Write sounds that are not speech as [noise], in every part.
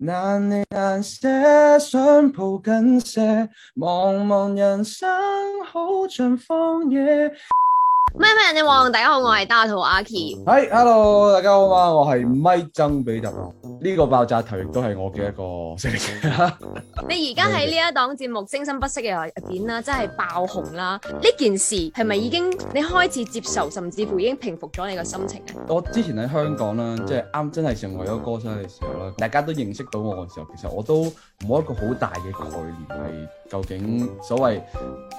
難離難捨想抱緊些，茫茫人生好像荒野。咩咩你旺，大家好，我係大頭阿 K。係，Hello，大家好嘛，我係咪曾比特。呢個爆炸頭亦都係我嘅一個識 [laughs] 你而家喺呢一檔節目《聲生不息》嘅入邊啦，真係爆紅啦！呢件事係咪已經你開始接受，甚至乎已經平復咗你個心情啊？我之前喺香港啦，即係啱真係成為咗歌手嘅時候啦，大家都認識到我嘅時候，其實我都冇一個好大嘅概念係究竟所謂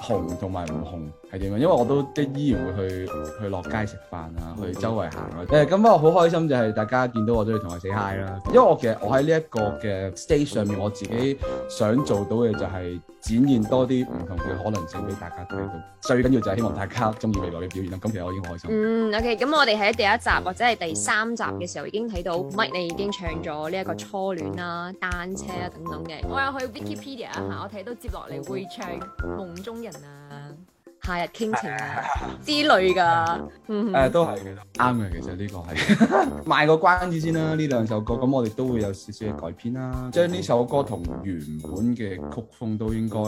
紅同埋唔紅係點樣？因為我都即依然會去去落街食飯啊，去周圍行啊。誒、嗯，咁不過好開心就係大家見到我都要同佢 say hi 啦。因為我其實我喺呢一個嘅 stage 上面，我自己想做到嘅就係展現多啲唔同嘅可能性俾大家睇到。最緊要就係希望大家中意未來嘅表現啦。咁其實我已經好開心。嗯，OK，咁我哋喺第一集或者係第三集嘅時候已經睇到 Mike 你已經唱咗呢一個初戀啦、啊、單車啊等等嘅。我有去 Wikipedia 一、啊、下，我睇到接落嚟會唱夢中人啊。夏日傾情啊，啊之類噶，誒、嗯啊、都係幾啱嘅，其實呢個係 [laughs] 賣個關子先啦。呢兩首歌咁，我哋都會有少少嘅改編啦，將呢首歌同原本嘅曲風都應該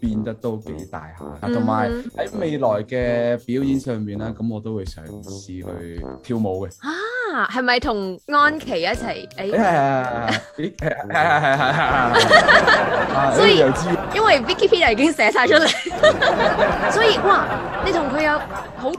變得都幾大下，同埋喺未來嘅表演上面咧，咁我都會嘗試去跳舞嘅。啊啊，係咪同安琪一齊？誒、哎，係係係係係係係，所以 [laughs] 因為 Wikipedia 已經寫晒出嚟， [laughs] 所以哇，你同佢有好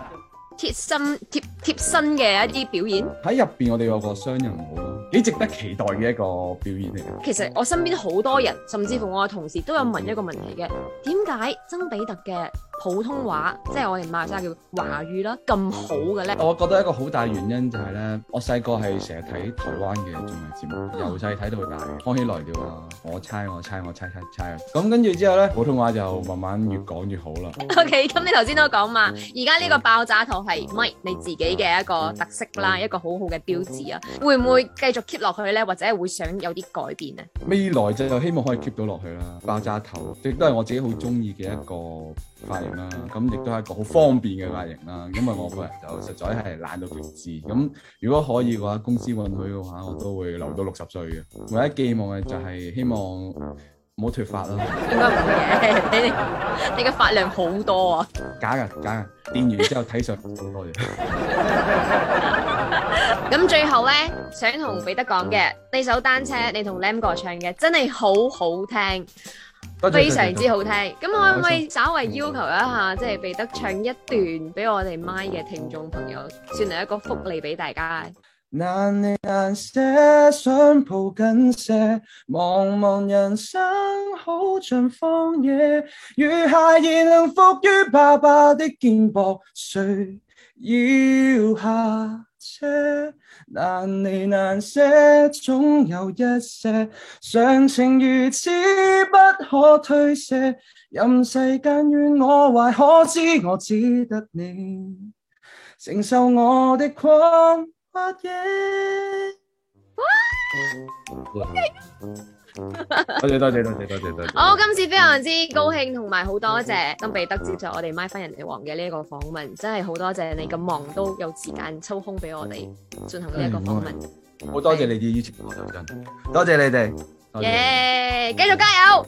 貼心貼貼身嘅一啲表演。喺入邊，我哋有個雙人舞，幾值得期待嘅一個表演嚟嘅。其實我身邊好多人，甚至乎我嘅同事都有問一個問題嘅，點解曾比特嘅？普通話，即係我哋馬來西亞叫華語啦，咁好嘅咧。我覺得一個好大原因就係咧，我細個係成日睇台灣嘅綜藝節目，由細睇到大，康熙來了啊，我猜我猜我猜猜猜。咁跟住之後咧，普通話就慢慢越講越好啦。O K，咁你頭先都講嘛，而家呢個爆炸頭係咪你自己嘅一個特色啦，一個好好嘅標誌啊，會唔會繼續 keep 落去咧？或者會想有啲改變咧？未來就希望可以 keep 到落去啦，爆炸頭亦都係我自己好中意嘅一個啦，咁亦都係一個好方便嘅髮型啦，因為我個人就實在係懶到極致，咁如果可以嘅話，公司允許嘅話，我都會留到六十歲嘅。唯一寄望嘅就係希望唔好脫髮啦。應該唔會嘅，你你嘅髮量好多啊！假㗎假㗎，電完之後睇上好多嘢。咁最後咧，想同彼得講嘅呢首單車，你同 Lam 哥唱嘅真係好好聽。非常之好聽，咁我可唔可以稍微要求一下，即係彼得唱一段俾我哋麥嘅聽眾朋友，算係一個福利俾大家。難離難捨，想抱緊些茫茫人生，好像荒野，如孩兒能伏於爸爸的肩膊，誰要下？些難離難捨，總有一些常情如此不可推卸。任世間怨我壞，可知我只得你承受我的狂發熱。啊 [laughs] 多謝、多謝、多謝、多謝、多謝！好，今次非常之高興，同埋好多謝金彼得接受我哋《麥芬人王》嘅呢一個訪問，真係好多謝你咁忙都有時間抽空俾我哋進行呢一個訪問。好多謝你哋邀請我，真多謝你哋。耶，繼續加油！